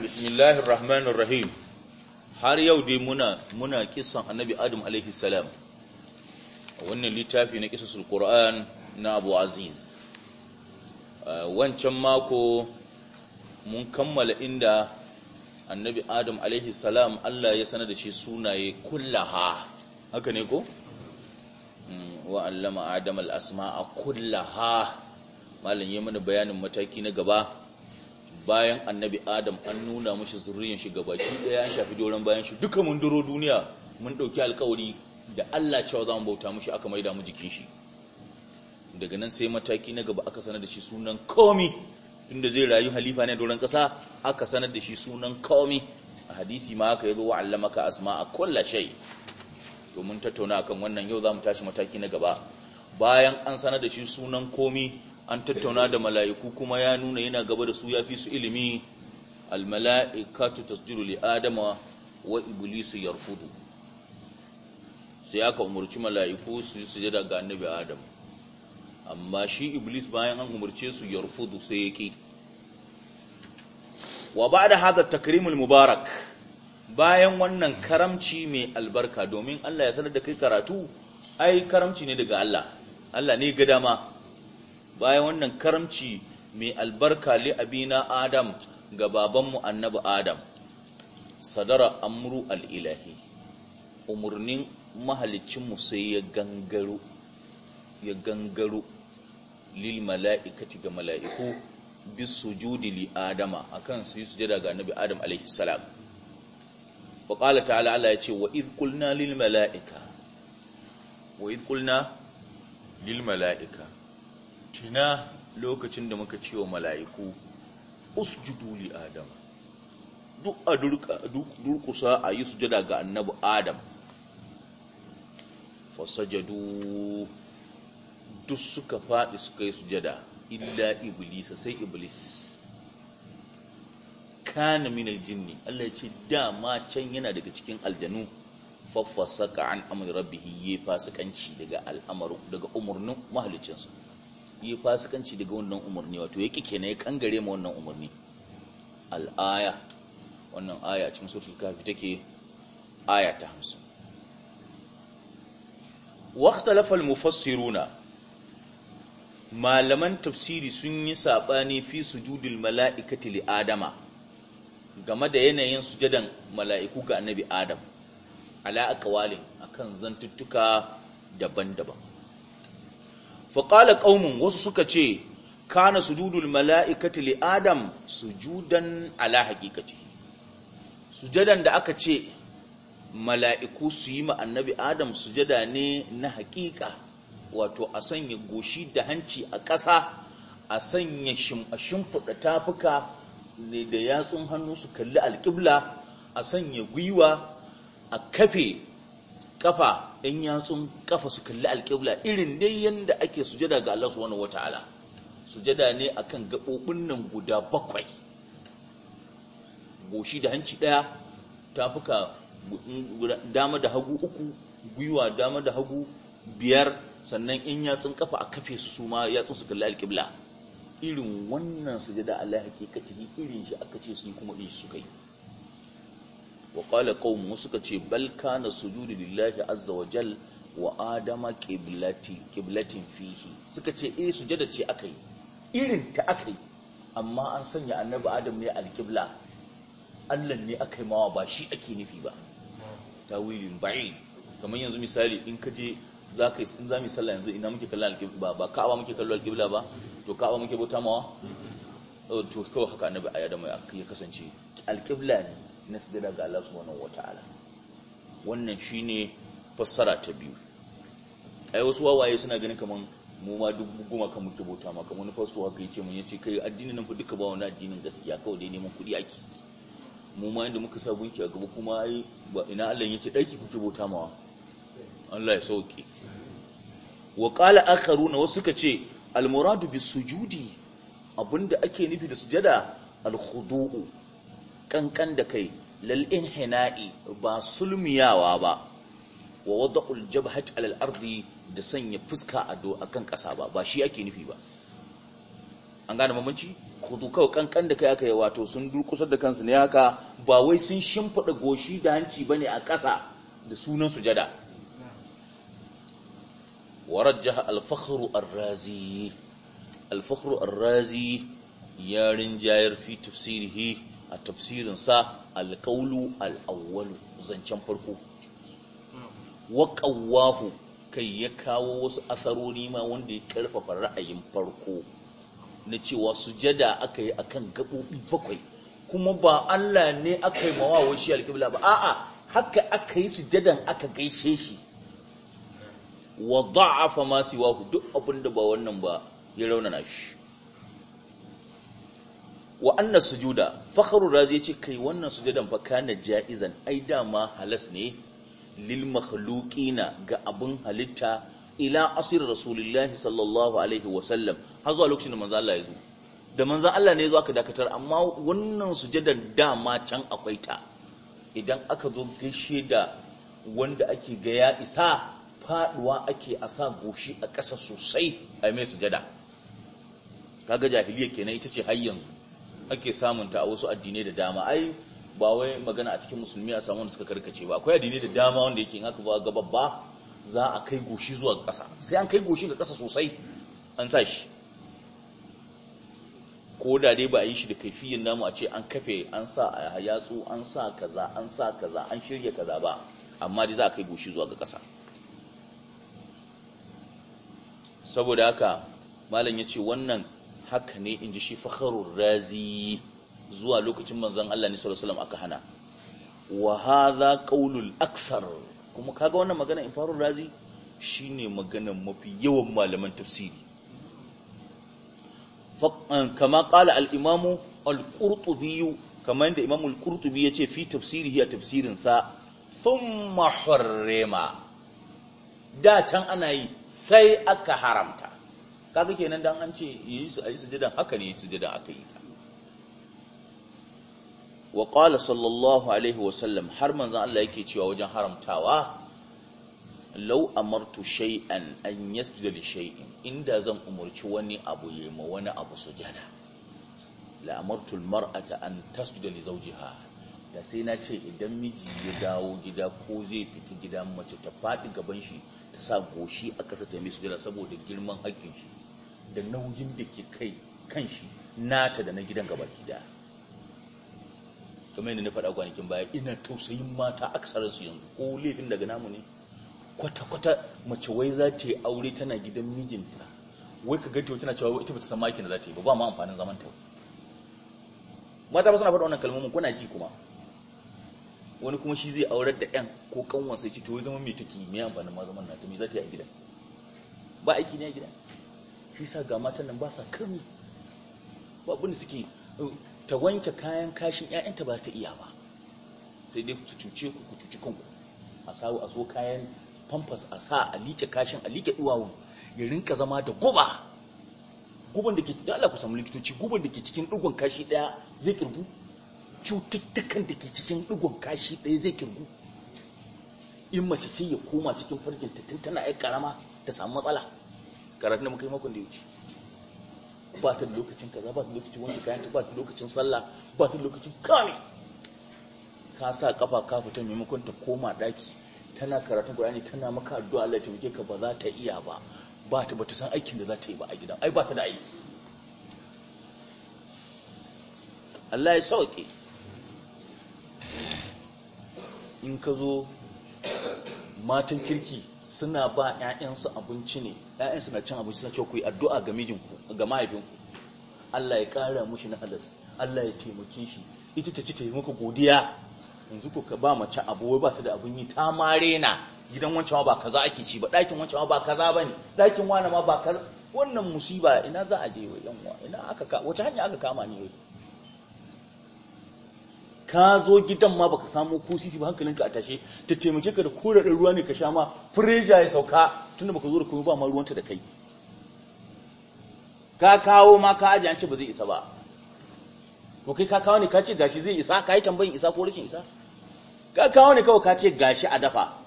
bismillahir rahmanir rahim har yau dai muna muna kisan annabi adam alaihi salam wannan littafi na kisasul qur'an na abu aziz wancan mako mun kammala inda annabi adam alaihi salam Allah ya sanar da shi sunaye kullaha haka ne ko mm, wa allama adam al asma'a kullaha malam yayi mana bayanin mataki na gaba bayan annabi adam an nuna mashi zurriyan shi gabaki daya an shafi doron bayan shi duka mun duro duniya mun dauki alkawari da Allah cewa za mu bauta mashi aka maida mu jikin shi daga nan sai mataki na gaba aka sanar da shi sunan komi tunda zai rayu halifa ne doron kasa aka sanar da shi sunan komi a hadisi ma aka yazo wa allamaka asma'a kullu shay to mun tattauna akan wannan yau za mu tashi mataki na gaba bayan an sanar da shi sunan komi an tattauna da mala'iku kuma ya nuna yana gaba da su ya fi su ilimi almala'ikatu tasjudu li adama wa iblisu rufudu sai aka umarci mala'iku su yi sujada ga annabi adam amma shi iblis bayan an umarce su yarfudu sai ya ke. wa ba'da haka takrimul mubarak bayan wannan karamci mai albarka domin Allah ya sanar da kai karatu ai karamci ne daga Allah Allah ne ga dama bayan wannan karamci mai albarka li abina adam ga babanmu annabi adam sadara amru al'ilahi umarnin mahalicinmu sai ya gangaro ya gangaro lil mala'ikati ga mala'iku bisu judi li adama akan su yi sujada ga annabi adam alaihi salam wa ta ala’ala ya ce wa idh lil mala'ika wa lil mala'ika tuna lokacin da muka ce wa mala'iku usjudu li adam duk a durkusa a yi sujada ga annabi adam fasajadu duk suka faɗi suka yi sujada illa Iblis sai iblis kana min aljinni Allah ya ce dama can yana daga cikin aljanu ka an amri rabbi ya fasikanci daga al'amaru daga umarnin mahalicinsa yi fasikanci daga wannan umarni wato yake kenan ya kangare ma wannan umarni al'aya wannan aya cikin sufi kafi take aya ta 50 واختلف mufassiruna malaman tafsiri sun yi saɓani fi sujudul mala'ikati li adama game da yanayin sujadan mala'iku ga annabi adam ala akan zantuttuka daban-daban faƙala ƙaunin wasu suka ce kana sujudul mala'ikati li adam sujudan ala haƙiƙati sujadan da aka ce mala'iku su yi annabi adam sujada ne na haƙiƙa wato a sanya goshi da hanci a ƙasa a sanya shimfiɗa tafuka ne da yatsun hannu su kalli alƙibla a sanya gwiwa a kafe ƙafa yan yatsun kafa su kalli alƙibla irin dai yadda ake sujada ga Allah subhanahu wataala sujada ne akan gabobin nan guda bakwai goshi da hanci ɗaya tafuka dama da hagu uku gwiwa dama da hagu biyar sannan in yatsun kafa a kafe su suma yatsun su kalli alƙibla irin wannan sujada Allah hakikati irin shi aka ce su yi kuma din shi suka yi wa qala qaumu suka ce bal kana sujudu lillahi azza wa jal wa adama qiblati qiblatin fihi suka ce eh sujada ce akai irin ta yi amma an sanya annabi adam ne alqibla Allah ne aka yi mawa ba shi ake nufi ba Ta tawilin bai kamar yanzu misali in ka je za ka in za mu sallah yanzu ina muke kallon alƙibla ba ba ka'aba muke kallon alƙibla ba to ka'aba muke bauta mawa mm-hmm. to kawai haka annabi Adam ya kasance alƙibla ne na sujada ga Allah subhanahu wataala wannan shine fassara ta biyu ai wasu wawaye suna ganin kaman mu ma duk goma kan muke bauta ma kaman fasto haka yace mun yace kai addinin nan fa duka ba wani addinin gaskiya kawai dai neman kuɗi ake mu ma inda muka sa gunki a gaba kuma ai ina Allah yake daki kuke bauta ma. Allah ya sauke wa qala akharuna wasu suka ce al muradu bis sujudi abinda ake nufi da sujada al khudu'u kankan da kai lal'in hina'i ba sulmiyawa ba wa wadda uljab'a alal al'ardi da sanya fuska a do ƙasa kasa ba ba shi ake nufi ba an gane mamanci kudu kawai kankan da kai aka yi wato sun durkusar da kansu ne haka ba wai sun shimfiɗa goshi da hanci ba ne a ƙasa da sunan sujada warajjaha alfakhru arrazi alfakhru arrazi yarin jayar fi tafsirihi a tafsirinsa alƙaulu al'awwalu zancen farko waƙawahu kai ya kawo wasu asarori ma wanda ya ƙarfafa ra'ayin farko na cewa sujada aka yi akan gaɓoɓi bakwai kuma ba Allah ne aka yi mawawa alkibla alƙibla ba a'a haka aka yi sujadan aka gaishe shi wa da'afa ma siwahu duk abin ba wannan ba ya raunana shi wa annas sujuda fakhru razi yace kai wannan sujudan fa kana jaizan ai dama halas ne lil makhluqina ga abun halitta ila asir rasulullahi sallallahu alaihi wa sallam har zuwa lokacin da manzo Allah ya zo da manzo Allah ne ya zo aka dakatar amma wannan sujudan dama can akwai ta idan aka zo gaishe da wanda ake ga ya isa faduwa ake a sa goshi a ƙasa sosai a mai sujada kaga jahiliya kenan ita ce har yanzu ake samun ta a wasu addinai da dama ai ba wai magana a cikin musulmi a samu wanda suka karkace ba akwai addinai da dama wanda yake haka aka ba ga babba za a kai goshi zuwa ƙasa sai an kai goshi ga ƙasa sosai an sa shi ko da dai ba a yi shi da kaifiyin namu a ce an kafe an sa a yatsu an sa kaza an sa kaza an shirya kaza ba amma dai za a kai goshi zuwa ga ƙasa saboda haka malam ya ce wannan haka ne in ji shi fakharur razi zuwa lokacin manzon Allah ne sallallahu alaihi wasallam aka hana wa hadha qaulul akthar kuma kaga wannan magana infarul razi shine magana mafi yawan malaman tafsiri eh, kama qala al imam al qurtubi kamar inda imam al qurtubi yace fi tafsiri ya tafsirin sa thumma harrama da can ana yi sai aka haramta kaga kenan dan an ce yi su ayi sujudan haka ne sujudan aka yi ta wa qala sallallahu alaihi wa sallam har manzon Allah yake cewa wajen haramtawa law amartu shay'an an yasjuda li shay'in inda zan umurci wani abu yayi ma wani abu sujada la amartu mar'ata an tasjuda li zawjiha da sai na ce idan miji ya dawo gida ko zai fita gida mace ta faɗi gaban shi ta sa goshi a ƙasa ta mai sujada saboda girman haƙƙin shi da nauyin da ke kai kan shi nata da na gidan gabaki gida. kamar yana nufar a kwanakin baya ina tausayin mata su yanzu ko laifin daga namu ne kwata-kwata mace wai za ta yi aure tana gidan mijinta wai ka ganta tana cewa ita bata san makin da za ta yi ba ba ma amfanin zaman ta mata ba suna faɗa wannan kalmomin kuna ji kuma wani kuma shi zai aurar da ɗan ko kanwan ya ce to zama mai take mai amfanin ma zaman ta me za ta yi a gidan ba aiki ne a gidan shi sa ga matan nan ba sa kami ba abin suke ta wanke kayan kashin 'ya'yanta ba ta iya ba sai dai ku cuce ku cuci kanku a sawo a zo kayan pampas a sa a liƙe kashin a liƙe duwawun ya rinka zama da guba guban da ke da Allah ku samu likitoci guban da ke cikin dugun kashi daya zai kirgu cututtukan da ke cikin dugun kashi daya zai kirgu in mace ce ya koma cikin farjinta tun tana ai karama ta samu matsala Karatu ne muka yi makon da ya wuce ba ta da lokacin kaza ba ta lokacin wanke kayan ta ba ta lokacin sallah ba ta lokacin kame ka sa kafa ka fita maimakon ta koma daki tana karatun Qur'ani tana maka addu'a Allah ta muke ka ba za ta iya ba ba ta bata san aikin da za ta yi ba a gidan ai ba ta da aiki Allah ya sauke in ka zo matan kirki suna ba 'ya'yansu abinci ne 'ya'yansu na cin abinci suna cewa ku yi addu'a ga mijinku ga mahaifinku Allah ya ƙara mushi na halas, Allah ya taimake shi ita ta ci ta yi muku godiya yanzu ku ka ba mace abu wai ba ta da abin yi ta mare na gidan wancan ba kaza ake ci ba ɗakin wancan ba kaza ne ɗakin wani ma ba kaza wannan musiba ina za a je wa yan ina aka ka wace hanya aka kama ni wai ka zo gidan ma baka samu ko sisi ba hankalinka a tashe ta taimake ka da kura da ruwa ne ka sha ma fureja ya sauka tunda baka zo da kuma ba ma ruwanta da kai ka kawo ma ka aji an ce ba zai isa ba ko kai ka kawo ne ka ce gashi zai isa ka yi tambayin isa ko rashin isa ka kawo ne kawai ka ce gashi a dafa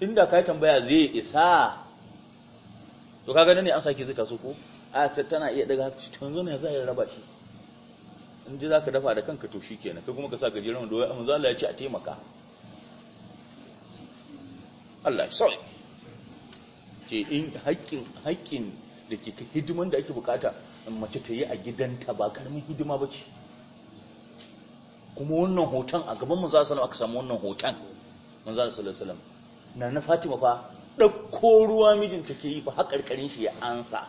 inda ka yi tambaya zai isa to ka gani ne an sake zai taso ko a tana iya daga tun zo ne za a raba shi in ji za ka dafa da kanka to shi kenan ka kuma ka sa gajeren doya amma za ya ce a taimaka Allah ya sauyi ke in haƙƙin da ke hidiman da ake bukata mace ta yi a gidanta ba karamin hidima ba ce kuma wannan hoton a gaban za sallallahu aka samu wannan hoton manzo sallallahu alaihi na na Fatima fa ɗauko ruwa mijinta ke yi har haƙarƙarin shi ya ansa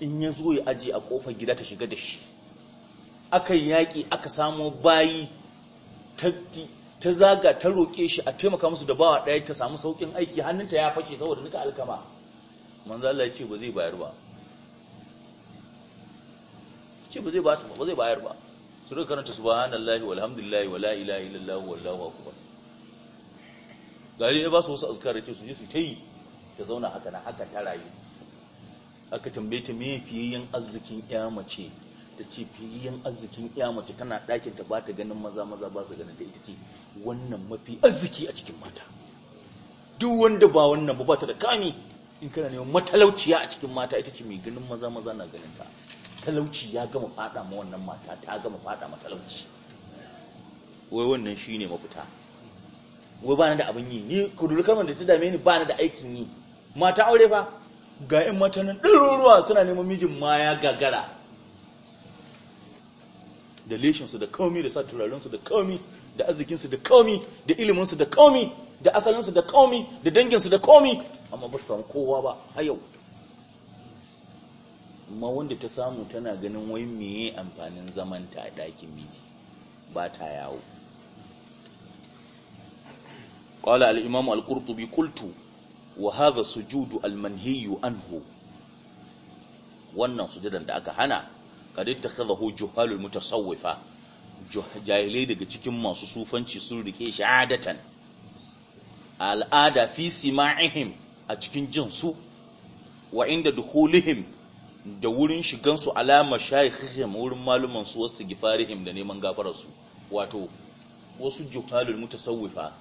in ya zo ya aje a ƙofar gida ta shiga da shi aka yaƙi aka samo bayi ta zaga ta roƙe shi a taimaka musu da bawa ɗaya ta samu sauƙin aiki hannunta ya fashe saboda nika alkama manzo Allah ya ce ba zai bayar ba ce ba zai ba ba zai bayar ba su rika karanta subhanallahi walhamdulillahi wala ilaha illallah wallahu akbar gari ya ba su wasu azkar ce su je su ta yi ta zauna haka na haka ta rayu aka tambaye ta me fiye yin arzikin ƴa mace ta ce fiye arzikin iya mace tana ɗakin ta ba ta ganin maza maza ba su ganin ta ita ce wannan mafi arziki a cikin mata duk wanda ba wannan ba ba ta da kami in kana neman matalauciya a cikin mata ita ce mai ganin maza maza na ganin ta talauci ya gama fada ma wannan mata ta gama fada ma wai wannan shine mafita wai ba da abin yi ni dole kalmar da ta dame ni ba da aikin yi mata aure fa ga 'yan mata nan ɗaruruwa suna neman mijin ma ya gagara da leshinsu da kaumi da sa turarensu da kaumi da arzikinsu da kaumi da iliminsu da kaumi da asalinsu da kaumi da danginsu da kaumi amma ba su samu kowa ba a yau amma wanda ta samu tana ganin wai meye amfanin zaman ta a ɗakin miji ba ta yawo ƙwala al-imam kultu, kultu qultu wa hadha sujudu al-manhiyu anhu wannan sujudan da aka hana kada ta kaza hu juhalul mutasawwifa jahilai daga cikin masu sufanci sun rike shi adatan al'ada fi sima'ihim a cikin jin su wa inda dukhulihim da wurin shigan su alama shaykhihim wurin maluman su wasu gifarihim da neman gafarar su wato wasu juhalul mutasawwifa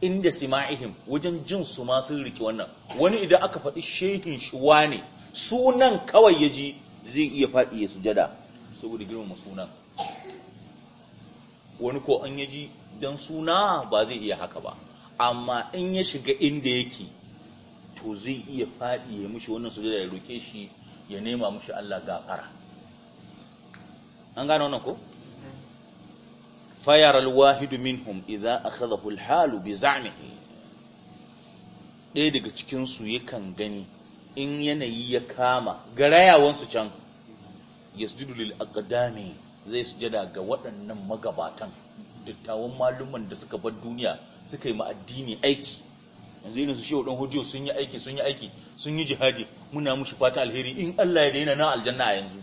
inda sima'ihim wajen jin su ma sun rike wannan wani idan aka faɗi shehin shuwa ne sunan kawai ya ji zai iya faɗi ya sujada saboda girmama suna. wani ko an yaji don suna ba zai iya haka ba amma in ya shiga inda yake to zai iya faɗi ya mushi wannan sujada ya roke shi ya nema mushi Allah gafara an gano wannan ko fayar alwahidu minhum idza akhadhahu alhalu bi za'mihi ɗaya daga cikin su yakan gani in yanayi ya kama ga rayawansu can yasjudu lil aqdami zai sujada ga waɗannan magabatan dattawan maluman da suka bar duniya suka yi ma addini aiki yanzu irin su shehu dan hujjo sun yi aiki sun yi aiki sun yi jihadi muna mushi fata alheri in Allah ya daina na aljanna a yanzu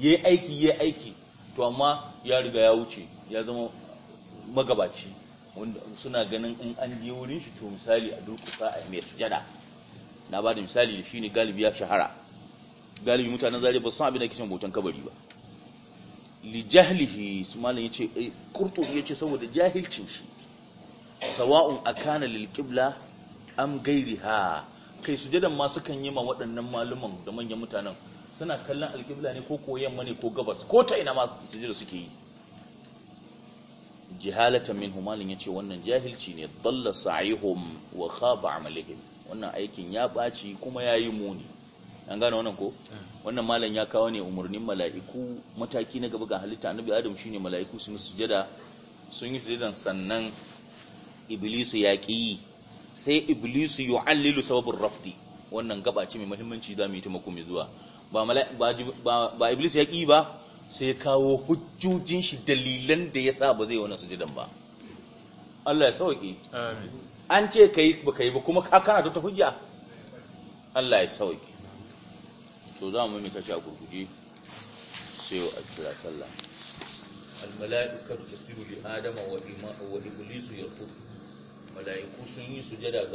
yayi aiki yayi aiki to amma ya riga ya wuce ya zama magabaci wanda suna ganin in an je wurin shi to misali a duk saa mai sujada na ba da misali da ne galibi ya shahara galibi mutanen zariya ba san abin da kishin botan kabari ba li jahlihi su ce yace eh, ya ce saboda jahilcin shi sawa'un akana lil qibla am ha kai sujadan masu kan yi ma waɗannan maluman da manyan mutanen suna kallon alkibla ne ko koyan ne ko gabas ko ta ina masu su jira suke yi jihalatan Humalin ya ce wannan jahilci ne dalla sa'ihum wa khaba amalihim wannan aikin ya ɓaci kuma ya yi muni an gane wannan ko eh. wannan malam ya kawo ne umarnin mala'iku mataki na gaba ga halitta annabi adam shine mala'iku sun yi sujada sun yi sujadan sannan iblisu ya yi sai iblisu yu'allilu sababin rafdi wannan gaba ce mai muhimmanci za mu yi ta mai zuwa ba ba ya ki ba sai kawo hujjojin shi dalilan da ya sa ba zai wani sujadan ba Allah ya sauke amin an ce ka yi ba ka yi ba kuma ka kana ta hujja Allah ya sauke to za mu mai shi a gurguje sai a kira sallah al-mala'ikatu tasiru li adama wa iblis yarfud mala'iku sun yi sujada